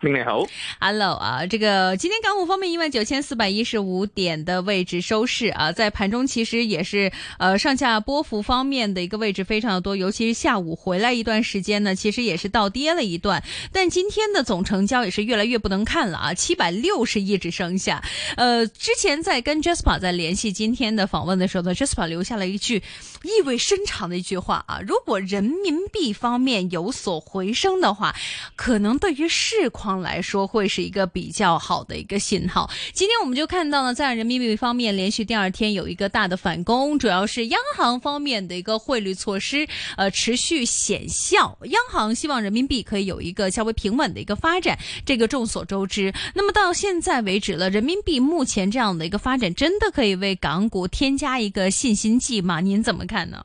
你好，Hello 啊，這個今天港股方面一萬九千四百一十五點的位置收市啊，在盤中其實也是呃上下波幅方面的一個位置非常的多，尤其是下午回來一段時間呢，其實也是倒跌了一段，但今天的總成交也是越來越不能看了啊，七百六十億只剩下。呃，之前在跟 Jasper 在聯繫今天的訪問的時候呢，Jasper 留下了一句意味深長的一句話啊，如果人民幣方面有所回升的話，可能對於市況。來說會是一個比較好的一個信號。今天我們就看到呢，在人民幣方面連續第二天有一個大的反攻，主要是央行方面的一個匯率措施，呃，持續顯效。央行希望人民幣可以有一個較為平穩的一個發展，這個眾所周知。那麼到現在為止了，人民幣目前這樣的一個發展，真的可以為港股添加一個信心劑嗎？您怎麼看呢？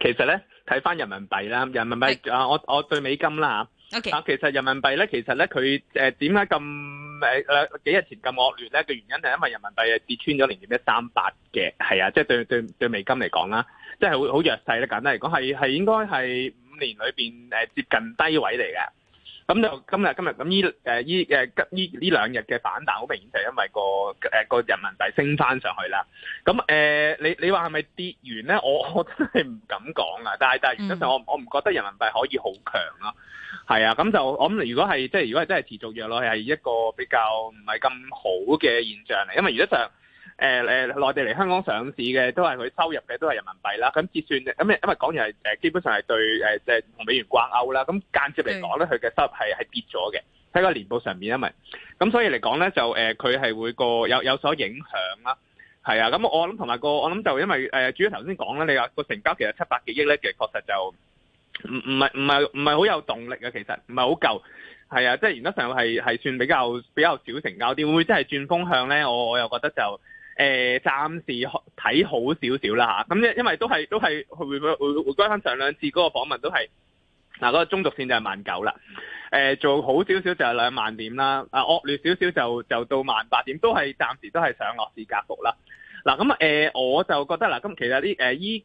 其實呢，睇翻人民幣啦，人民幣是啊，我我對美金啦 Okay. 啊，其實人民幣咧，其實咧佢誒點解咁誒誒幾日前咁惡劣咧？嘅原因係因為人民幣誒跌穿咗零點一三八嘅，係啊，即係對對對美金嚟講啦，即係好好弱勢咧。簡單嚟講，係係應該係五年裏邊誒接近低位嚟嘅。咁就今日今日咁呢誒呢今依呢兩日嘅反彈，好明顯就係因為個誒個人民幣升翻上去啦。咁誒，你你話係咪跌完咧？我我真係唔敢講啊。但係但係，原則我我唔覺得人民幣可以好強咯。係、嗯、哼啊，咁就我諗，如果係即係如果係真係持續弱落去，係一個比較唔係咁好嘅現象嚟。因為原則上。誒誒，內地嚟香港上市嘅都係佢收入嘅都係人民幣啦，咁結算咁因為講完係誒基本上係對誒即係同美元掛鈎啦，咁間接嚟講咧佢嘅收入係係跌咗嘅喺個年報上面啊咪，咁所以嚟講咧就誒佢係會個有有,有所影響啦，係啊，咁我諗同埋個我諗就因為誒主要頭先講咧，你話個成交其實七百幾億咧，其實確實就唔唔係唔係唔係好有動力啊，其實唔係好夠係啊，即係原則上係係算比較比較少成交啲，會唔會真係轉風向咧？我我又覺得就。誒，暫時睇好少少啦，咁因為都係都係回回回歸翻上兩次嗰個訪問都係嗱，嗰、那個中軸線就係萬九啦，誒做好少少就係兩萬點啦，啊惡劣少少就就到萬八點，都係暫時都係上落市格局啦。嗱，咁、呃、誒我就覺得啦，咁其實呢誒依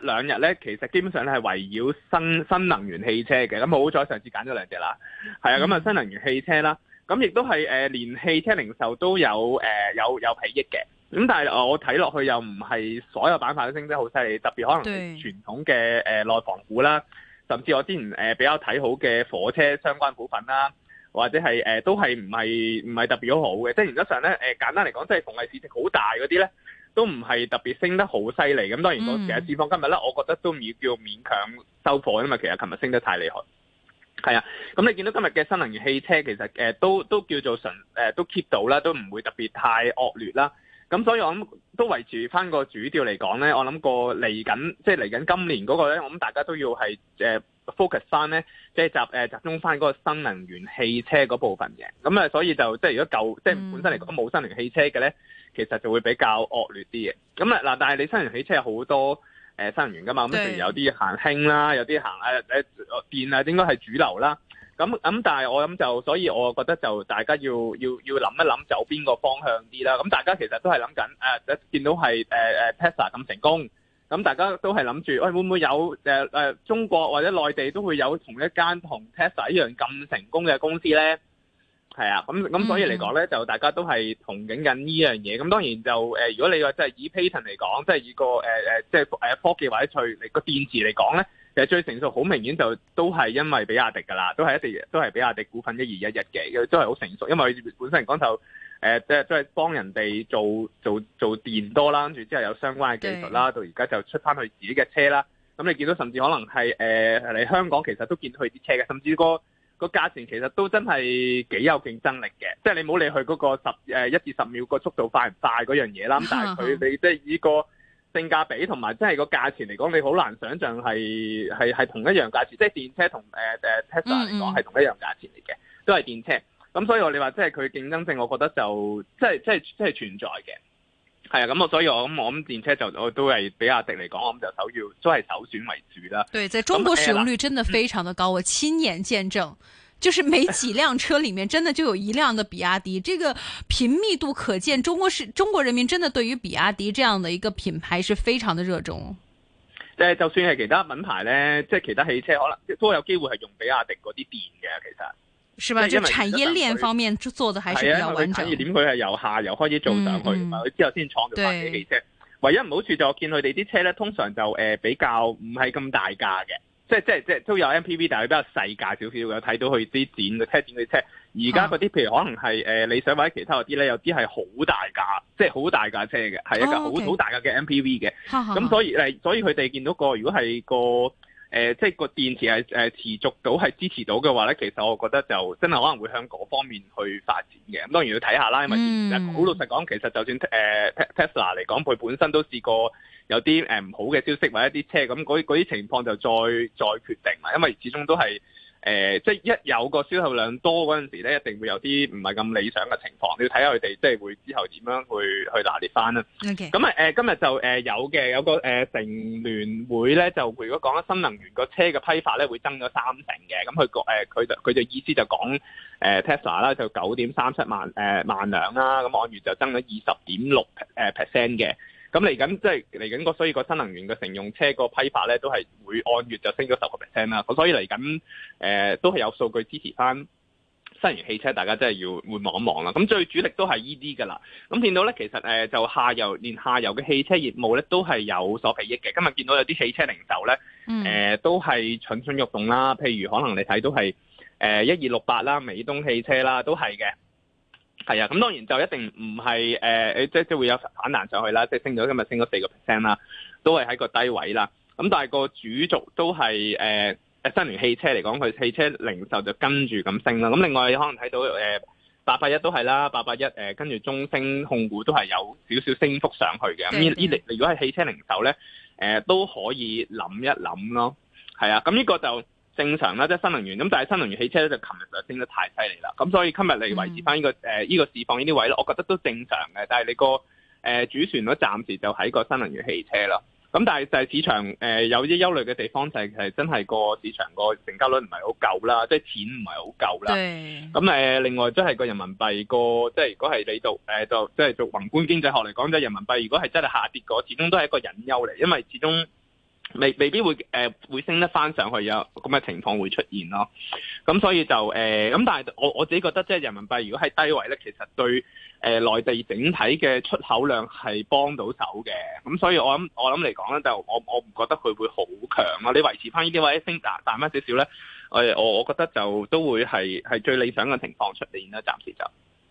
一兩日咧，其實基本上咧係圍繞新新能源汽車嘅，咁好彩上次揀咗兩隻啦，係啊、嗯，咁啊新能源汽車啦。咁亦都係誒，連汽車零售都有誒、呃、有有起益嘅。咁但係我睇落去又唔係所有板塊都升得好犀利，特別可能傳統嘅誒內房股啦，對甚至我之前誒比較睇好嘅火車相關股份啦，或者係誒、呃、都係唔係唔係特別好好嘅。即係原則上咧，誒簡單嚟講，即係逢係市值好大嗰啲咧，都唔係特別升得好犀利。咁當然個成日市況今日咧，我覺得都唔要叫勉強收貨，因為其實琴日升得太厲害。係啊，咁你見到今日嘅新能源汽車其實誒、呃、都都叫做純誒、都 keep 到啦，都唔會特別太惡劣啦。咁所以我諗都圍住翻個主調嚟講咧，我諗過嚟緊即係嚟緊今年嗰個咧，我諗大家都要係 focus 翻咧，即係、集、誒、集中翻嗰個新能源汽車嗰部分嘅。咁啊，所以就即係如果舊、嗯、即係本身嚟講冇新能源汽車嘅咧，其實就會比較惡劣啲嘅。咁啊嗱，但係你新能源汽車有好多。誒新能源㗎嘛，咁譬如有啲行氫啦，有啲行誒誒電啊，啊電應該係主流啦。咁咁，但係我諗就，所以我覺得就大家要要要諗一諗走邊個方向啲啦。咁大家其實都係諗緊誒，見到係誒、啊啊、Tesla 咁成功，咁大家都係諗住，喂、哎、會唔會有誒、啊、中國或者內地都會有同一間同 Tesla 一樣咁成功嘅公司咧？係啊，咁咁所以嚟講咧，就大家都係同景緊呢樣嘢。咁當然就誒，如果你話即係以 pattern 嚟講，即係以個誒誒、呃，即係誒科技或者去個電池嚟講咧，其實最成熟好明顯就都係因為比亞迪噶啦，都係一啲都係比亞迪股份一二一一嘅，都係好成熟，因為本身嚟講、呃、就誒、是，即係都係幫人哋做做做電多啦，跟住之後有相關嘅技術啦，對到而家就出翻去自己嘅車啦。咁你見到甚至可能係誒嚟香港，其實都見到佢啲車嘅，甚至、個。個價錢其實都真係幾有競爭力嘅，即係你冇理佢嗰個十誒一至十秒個速度快唔快嗰樣嘢啦。但係佢你即係以個性價比同埋即係個價錢嚟講，你好難想象係係係同一樣價錢，即係電車同誒誒 Tesla 嚟講係同一樣價錢嚟嘅，嗯嗯都係電車。咁所以我哋話即係佢競爭性，我覺得就即係即係即係存在嘅。係啊，咁我所以我諗我諗電車就我都係比亞迪嚟講，我諗就首要都係首選為主啦。對，在中國使用率真的非常的高，嗯、我親眼見證，就是每幾輛車裏面真的就有一輛的比亞迪， 這個頻密度可見，中國是中國人民真的對於比亞迪這樣的一個品牌是非常的熱衷。誒，就算係其他品牌呢，即係其他汽車可能都有機會係用比亞迪嗰啲電嘅，其實。係啊，佢為產業鏈佢係由下游開始做上去，佢、嗯嗯、之後先創造翻啲汽車。對唯一唔好處就我見佢哋啲車咧，通常就誒、呃、比較唔係咁大架嘅，即係即係即係都有 MPV，但係比較細架少少嘅。睇到佢啲展嘅車展嘅車，而家嗰啲譬如可能係誒理想或者其他嗰啲咧，有啲係好大架，即係好大架車嘅，係一架好好、啊 okay. 大架嘅 MPV 嘅。咁、啊、所以誒、啊，所以佢哋見到個如果係個。誒、呃，即係個電池係持續到係支持到嘅話咧，其實我覺得就真係可能會向嗰方面去發展嘅。咁當然要睇下啦，因為其實好、mm. 老實講，其實就算誒 Tesla 嚟講，佢本身都試過有啲誒唔好嘅消息或者一啲車咁嗰嗰啲情況就再再決定啦，因為始終都係。誒、呃，即係一有個銷售量多嗰陣時咧，一定會有啲唔係咁理想嘅情況。你要睇下佢哋即係會之後點樣去去拿捏翻啦。咁啊誒，今日就誒有嘅有個誒乘聯會咧，就如果講緊新能源個車嘅批發咧，會增咗三成嘅。咁佢個誒佢佢哋意思就講誒 Tesla 啦，就九點三七萬誒萬輛啦。咁按月就增咗二十點六誒 percent 嘅。咁嚟緊即係嚟緊個所以個新能源嘅乘用車個批發咧，都係會按月就升咗十個 percent 啦。咁所以嚟緊誒都係有數據支持翻新型汽車，大家真係要會望一望啦。咁最主力都係依啲噶啦。咁見到咧，其實誒就下游連下游嘅汽車業務咧，都係有所裨益嘅。今日見到有啲汽車零售咧，誒、呃、都係蠢蠢欲動啦。譬如可能你睇到都係誒一二六八啦、呃、68，美東汽車啦，都係嘅。係啊，咁當然就一定唔係誒即即會有反彈上去啦，即升咗今日升咗四個 percent 啦，都係喺個低位啦。咁但係個主軸都係誒誒，新能源、呃、汽車嚟講，佢汽車零售就跟住咁升啦。咁另外可能睇到誒八八一都係啦，八八一誒跟住中升控股都係有少少升幅上去嘅。咁呢呢如果係汽車零售咧，誒、呃、都可以諗一諗咯。係啊，咁呢個就。正常啦，即係新能源咁，但係新能源汽車咧就琴日就升得太犀利啦，咁所以今日你維持翻呢個誒呢個市況呢啲位咧，我覺得都正常嘅。但係你個誒主旋律暫時就喺個新能源汽車啦。咁但係就係市場誒有啲憂慮嘅地方就係真係個市場個成交率唔係好夠啦，即係錢唔係好夠啦。咁對另外即係個人民幣個即係如果係你做，誒就即係做宏觀經濟學嚟講，即係人民幣如果係真係下跌個，始終都係一個隱憂嚟，因為始終。未未必會誒、呃、會升得翻上去有咁嘅情況會出現咯，咁、嗯、所以就誒咁、呃，但係我我自己覺得即係人民幣如果喺低位咧，其實對誒、呃、內地整體嘅出口量係幫到手嘅，咁、嗯、所以我諗我諗嚟講咧，就我我唔覺得佢會好強啦，你維持翻呢啲位升大彈翻少少咧，誒我我覺得就都會係係最理想嘅情況出現啦，暫時就。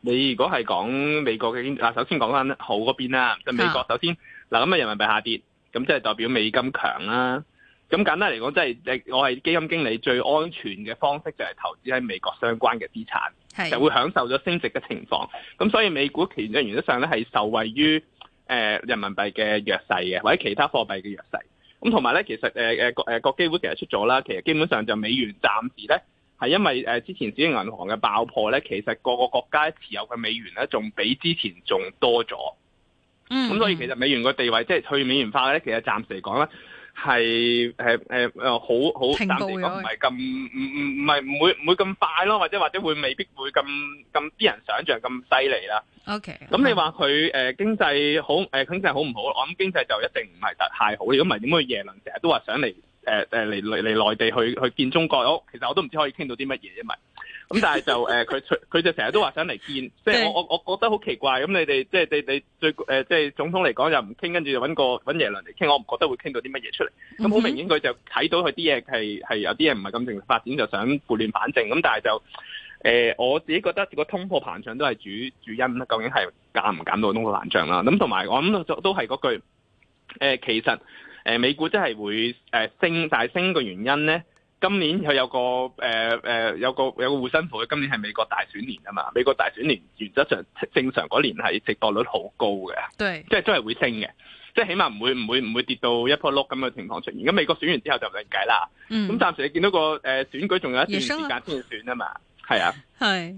你如果係講美國嘅經濟，嗱，首先講翻好嗰邊啦，即、就是、美國首先，嗱，咁啊，人民幣下跌，咁即係代表美金強啦。咁簡單嚟講，即、就、係、是、我係基金經理最安全嘅方式就係投資喺美國相關嘅資產，是就會享受咗升值嘅情況。咁所以美股其實原則上咧係受惠於誒、呃、人民幣嘅弱勢嘅，或者其他貨幣嘅弱勢。咁同埋咧，其實誒誒國誒國基會其實出咗啦。其實基本上就美元暫時咧。係因為誒，之前指隻銀行嘅爆破咧，其實個個國家持有嘅美元咧，仲比之前仲多咗。嗯。咁所以其實美元個地位，即係去美元化咧，其實暫時嚟講咧，係誒誒誒，好好，暫時講唔係咁唔唔唔係唔會唔會咁快咯，或者或者會未必會咁咁啲人想象咁犀利啦。O K. 咁你話佢誒經濟好誒經濟好唔好？我諗經濟就一定唔係太好，如果唔係，點解佢耶倫成日都話想嚟？誒誒嚟嚟嚟內地去去見中國，屋、哦，其實我都唔知可以傾到啲乜嘢因為嘛。咁、嗯、但係就誒佢佢就成日都話想嚟見， 即係我我我覺得好奇怪。咁你哋即係你哋，最誒即係總統嚟講又唔傾，跟住就揾個揾耶倫嚟傾，我唔覺得會傾到啲乜嘢出嚟。咁、嗯、好、嗯、哼明顯佢就睇到佢啲嘢係係有啲嘢唔係咁正常發展，就想撥亂反正。咁、嗯、但係就誒、呃、我自己覺得、這個通貨膨脹都係主主因啦。究竟係減唔減到通貨膨脹啦？咁同埋我諗都都係嗰句誒、呃，其實。美股真係會升，但係升嘅原因咧，今年佢有個、呃、有個有個護身符，佢今年係美國大選年啊嘛，美國大選年原則上正常嗰年係值博率好高嘅對，即係都係會升嘅，即係起碼唔會唔會唔會跌到一波碌咁嘅情況出現。咁美國選完之後就另計啦，咁、嗯、暫時你見到個選舉仲有一段時間先選啊嘛，係 啊，係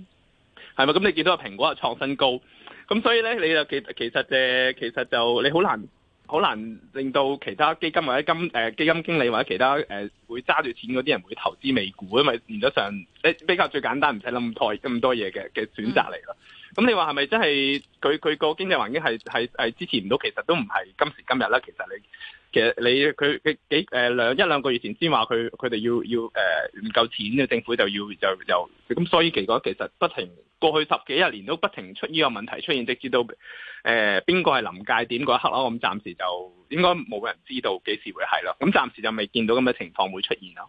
係咪？咁你見到個蘋果係創新高，咁所以咧你就其其實誒其實就你好難。好難令到其他基金或者金誒基金經理或者其他誒會揸住錢嗰啲人會投資美股，因為原則上比較最簡單，唔使諗咁多嘢嘅嘅選擇嚟咯。咁你話係咪真係佢佢個經濟環境係係係支持唔到？其實都唔係今時今日啦，其實你。其實你佢幾幾，誒兩一兩個月前先話佢佢哋要要誒唔夠錢嘅政府就要就就咁，所以其講，其實不停過去十幾廿年都不停出呢個問題出現，直至到誒邊個係臨界點嗰一刻咯。咁、嗯、暫時就應該冇人知道幾時會係咯。咁、嗯、暫時就未見到咁嘅情況會出現咯。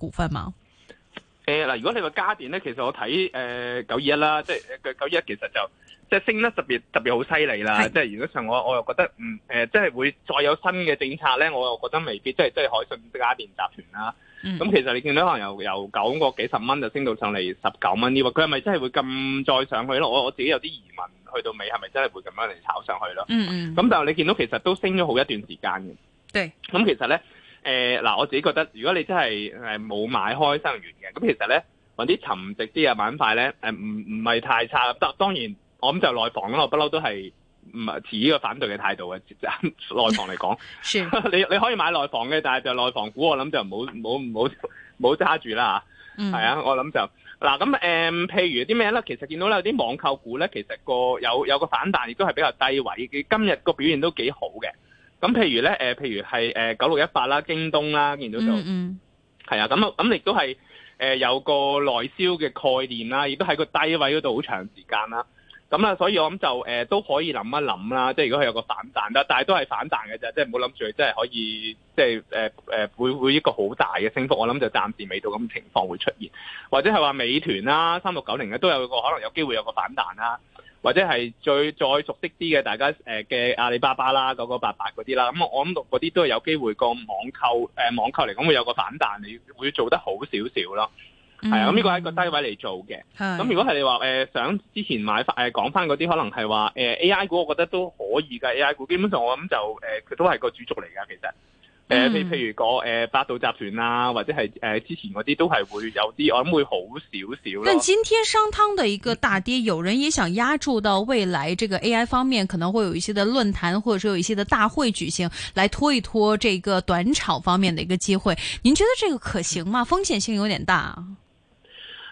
股份嘛？誒嗱、呃，如果你話家電咧，其實我睇誒九二一啦，即係九二一，其實就即係升得特別特別好犀利啦。是即係原則上我我又覺得，嗯，誒、呃，即係會再有新嘅政策咧，我又覺得未必，即係即係海信嘅家電集團啦。咁、嗯、其實你見到可能由由九個幾十蚊就升到上嚟十九蚊啲喎。佢係咪真係會咁再上去咯？我我自己有啲疑問，去到尾係咪真係會咁樣嚟炒上去咯？嗯嗯。咁但係你見到其實都升咗好一段時間嘅。對。咁、嗯、其實咧。誒，嗱、呃，我自己覺得，如果你真係冇買開新能源嘅，咁其實咧，搵啲沉寂啲嘅板塊咧，唔唔係太差。當當然，我諗就內房咯，我不嬲都係唔係持呢個反對嘅態度嘅。內房嚟講， 你你可以買內房嘅，但係就內房股，我諗就唔好唔好揸住啦嚇。嗯、係啊，我諗就嗱咁誒，譬如啲咩咧？其實見到有呢有啲網購股咧，其實個有有個反彈，亦都係比較低位嘅。今日個表現都幾好嘅。咁譬如咧，譬如係誒九六一八啦、京東啦，見到就係、嗯嗯、啊，咁啊，咁亦都係、呃、有個內銷嘅概念啦，亦都喺個低位嗰度好長時間啦。咁啊，所以我諗就、呃、都可以諗一諗啦。即係如果佢有個反彈啦，但係都係反彈嘅啫，即係唔好諗住佢真係可以即係、呃、會會一個好大嘅升幅。我諗就暫時未到咁情況會出現，或者係話美團啦、三六九零咧都有個可能有機會有個反彈啦。或者係最再熟悉啲嘅，大家誒嘅、呃、阿里巴巴啦，九九八八嗰啲啦，咁、嗯、我諗到嗰啲都係有機會個網購誒、呃、網購嚟講會有個反彈，你會做得好少少咯，係啊、嗯，咁呢個係一個低位嚟做嘅，咁的、嗯、如果係你話誒、呃、想之前買翻誒講翻嗰啲，可能係話誒、呃、A I 股，我覺得都可以㗎，A I 股基本上我諗就誒佢、呃、都係個主軸嚟㗎，其實。誒、嗯呃，譬如講誒百度集團啊，或者係誒、呃、之前嗰啲都係會有啲，我諗會好少少，但今天商湯的一個大跌，嗯、有人也想押注到未來這個 A I 方面，可能會有一些的論壇，或者說有一些的大會舉行，來拖一拖這個短炒方面的一個機會。您覺得這個可行嗎？風險性有點大。誒、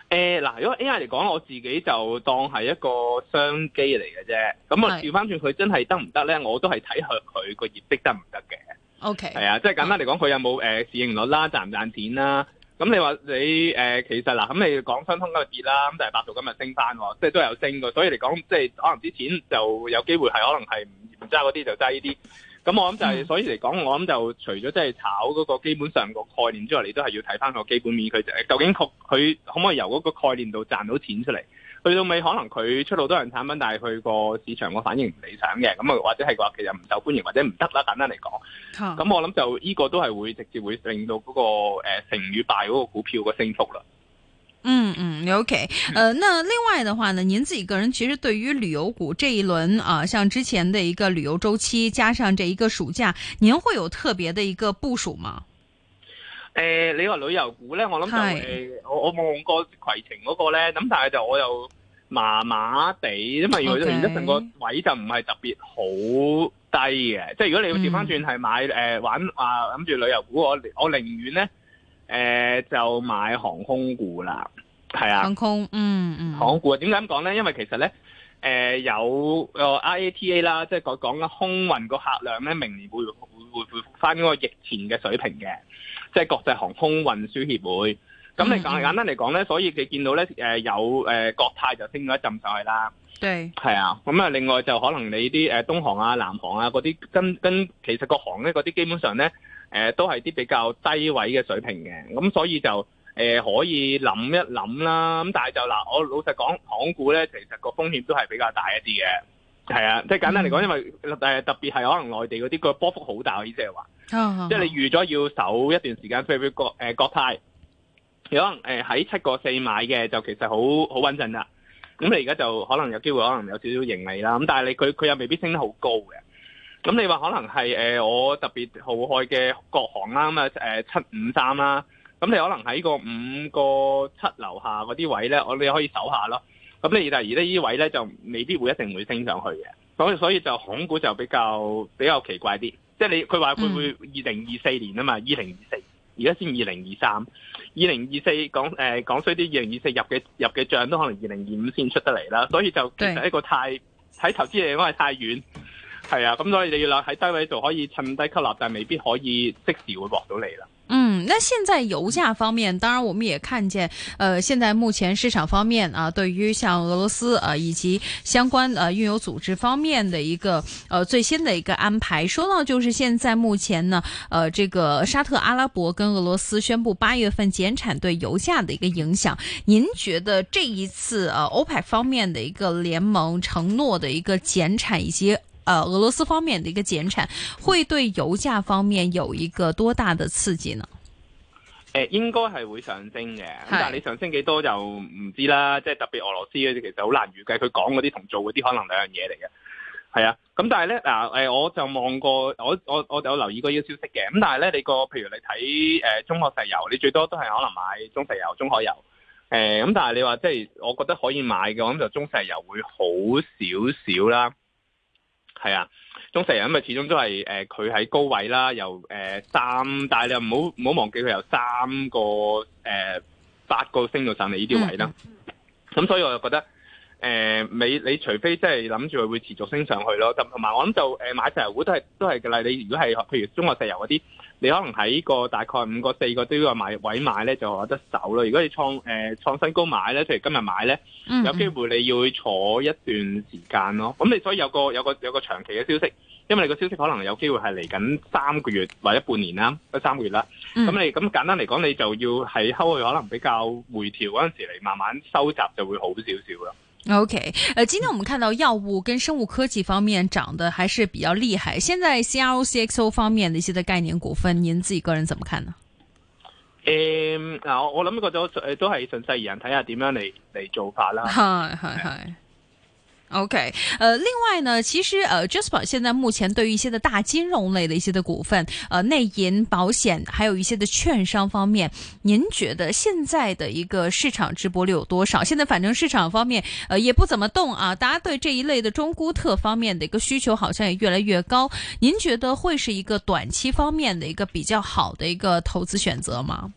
嗯，嗱、呃，如果 A I 嚟講，我自己就當係一個商機嚟嘅啫。咁、嗯嗯、我調翻轉佢真係得唔得咧？我都係睇下佢個業績得唔得嘅。O K，係啊，即、就、係、是、簡單嚟講，佢有冇誒、呃、市盈率啦、啊，賺唔賺錢啦、啊？咁你話你誒、呃，其實嗱，咁、啊、你講商湯嗰個跌啦，咁但係百度今日升翻喎，即係都有升嘅，所以嚟講，即、就、係、是、可能啲錢就有機會係可能係唔揸嗰啲，就揸呢啲。咁我諗就係、是，所以嚟講，我諗就除咗即係炒嗰個基本上個概念之外，你都係要睇翻個基本面，佢究竟佢可唔可以由嗰個概念度賺到錢出嚟。去到尾可能佢出到多人產品，但係佢個市場個反應唔理想嘅，咁啊或者係話其實唔受歡迎或者唔得啦，簡單嚟講，咁、oh. 我諗就呢個都係會直接會令到嗰、那個誒、呃、成與敗嗰個股票個升幅啦。嗯嗯，OK，誒，那另外嘅話呢，您自己個人其實對於旅遊股這一輪啊，像之前的一個旅遊週期，加上這一個暑假，您會有特別的一個部署嗎？誒、呃，你話旅遊股呢，我諗就誒 Hey.、呃，我我望過攜程嗰個呢。咁但係就我又。麻麻地，因為如果成一成個位就唔係特別好低嘅，Okay. 即係如果你要調翻轉係買誒、嗯呃、玩啊諗住旅遊股，我我寧願咧誒、呃、就買航空股啦，係啊，航空嗯嗯，嗯航空股啊點解咁講咧？因為其實咧誒、呃、有個 IATA 啦，即係講講緊空運個客量咧，明年會會，會，會回復翻嗰個疫前嘅水平嘅，即係國際航空運輸協會。咁你講簡單嚟講咧，所以佢見到咧、呃，有誒、呃、國泰就升咗一陣上去啦，係對啊，咁、嗯、啊，另外就可能你啲東航啊、南航啊嗰啲，跟跟其實國航咧嗰啲基本上咧、呃，都係啲比較低位嘅水平嘅，咁、嗯、所以就、呃、可以諗一諗啦。咁但係就嗱、呃，我老實講，港股咧其實個風險都係比較大一啲嘅，係啊，即係簡單嚟講，嗯、因為特別係可能內地嗰啲個波幅好大，意思係話，哦嗯、即係你預咗要守一段時間飛飛國誒、呃、國泰。有可能誒喺七個四買嘅就其實好好穩陣啦，咁你而家就可能有機會可能有少少盈利啦，咁但係你佢佢又未必升得好高嘅，咁你話可能係誒我特別好害嘅國航啦，咁啊誒七五三啦，咁你可能喺個五個七樓下嗰啲位咧，我你可以守下咯，咁你而第呢位咧就未必會一定會升上去嘅，所以所以就港股就比較比較奇怪啲，即係你佢話會唔會二零二四年啊嘛，二零二四。而家先二零二三，二零二四講誒，講衰啲，二零二四入嘅入嘅帳都可能二零二五先出得嚟啦，所以就其實一個太喺對投資嘅地方係太遠。係啊，咁所以你要留喺低位就可以趁低吸納，但係未必可以即時會獲到你啦。嗯，那現在油價方面，當然我們也看見，呃現在目前市場方面啊，對於像俄羅斯啊以及相關呃、啊、運油組織方面的一個呃、啊、最新的一個安排，說到就是現在目前呢，呃、啊、這個沙特阿拉伯跟俄羅斯宣布八月份減產對油價的一個影響，您覺得這一次呃歐佩克方面的一個聯盟承諾的一個減產以及？誒，俄羅斯方面的一個減產，會對油價方面有一個多大的刺激呢？誒，應該係會上升嘅，咁的但係你上升幾多就唔知啦，即係特別俄羅斯嗰啲，其實好難預計，佢講嗰啲同做嗰啲可能兩樣嘢嚟嘅，係啊。咁但係咧，嗱，誒，我就望過，我我我就有留意過呢個消息嘅，咁但係咧，你個譬如你睇誒、呃、中殼石油，你最多都係可能買中石油、中海油，誒、呃，咁但係你話即係我覺得可以買嘅，咁就中石油會好少少啦。係啊，中石油因為始終都係誒，佢、呃、喺高位啦，由誒三，呃、3，但係你又唔好唔好忘記佢由三個誒八、呃、個升到上嚟呢啲位啦。咁、嗯嗯、所以我就覺得誒、呃、你，你除非即係諗住佢會持續升上去咯。咁同埋我諗就誒買石油股都係都係噶啦。例如你如果係譬如中國石油嗰啲。你可能喺個大概五個四個都要買位買咧，就有得走咯。如果你創誒、呃、創新高買咧，譬如今日買咧，有機會你要去坐一段時間咯。咁、嗯、哼你所以有個有個有個長期嘅消息，因為你個消息可能有機會係嚟緊三個月或者半年啦，三個月啦。咁、嗯、你咁簡單嚟講，你就要喺後去，可能比較回調嗰陣時嚟慢慢收集就會好少少咯。OK，呃，今天我們看到藥物跟生物科技方面漲得還是比較厲害。現在 CRO、CXO 方面的一些的概念股份，您自己個人怎麼看呢？誒、嗯，我我諗覺得誒，都係順勢而行，睇下點樣嚟嚟做法啦。係係係。OK，呃，另外呢，其實呃，Jasper 現在目前對於一些的大金融類的一些的股份，呃，內銀、保險，還有一些的券商方面，您覺得現在的一個市場直播率有多少？現在反正市場方面，呃，也不怎麼動啊，大家對這一類的中特估方面的一個需求好像也越來越高，您覺得會是一個短期方面的一個比較好的一個投資選擇嗎？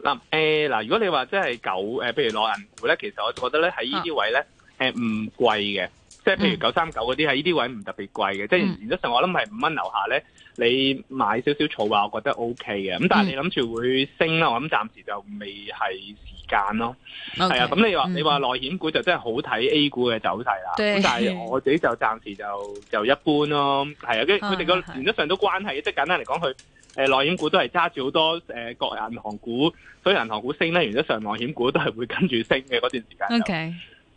那誒、呃，嗱、呃呃，如果你話即係九，誒、呃，譬如攞銀股呢，其實我覺得呢，喺呢啲位呢。啊誒，唔、呃、貴嘅，即係譬如九三九嗰啲，喺呢啲位唔特別貴嘅。即係、嗯、原則上，我諗係五蚊樓下咧，你買少少儲吓，我覺得 O K 嘅。咁、嗯、但係你諗住會升啦，我諗暫時就未係時間咯。係、嗯、啊、咁、嗯、你話你話內險股就真係好睇 A 股嘅走勢啦。咁對但係我自己就暫時就就一般咯。係啊，佢佢哋個原則上都關係，即係簡單嚟講，佢、呃、誒內險股都係揸住好多誒各銀行股，所以銀行股升咧，原則上內險股都係會跟住升嘅嗰段時間就。嗯嗯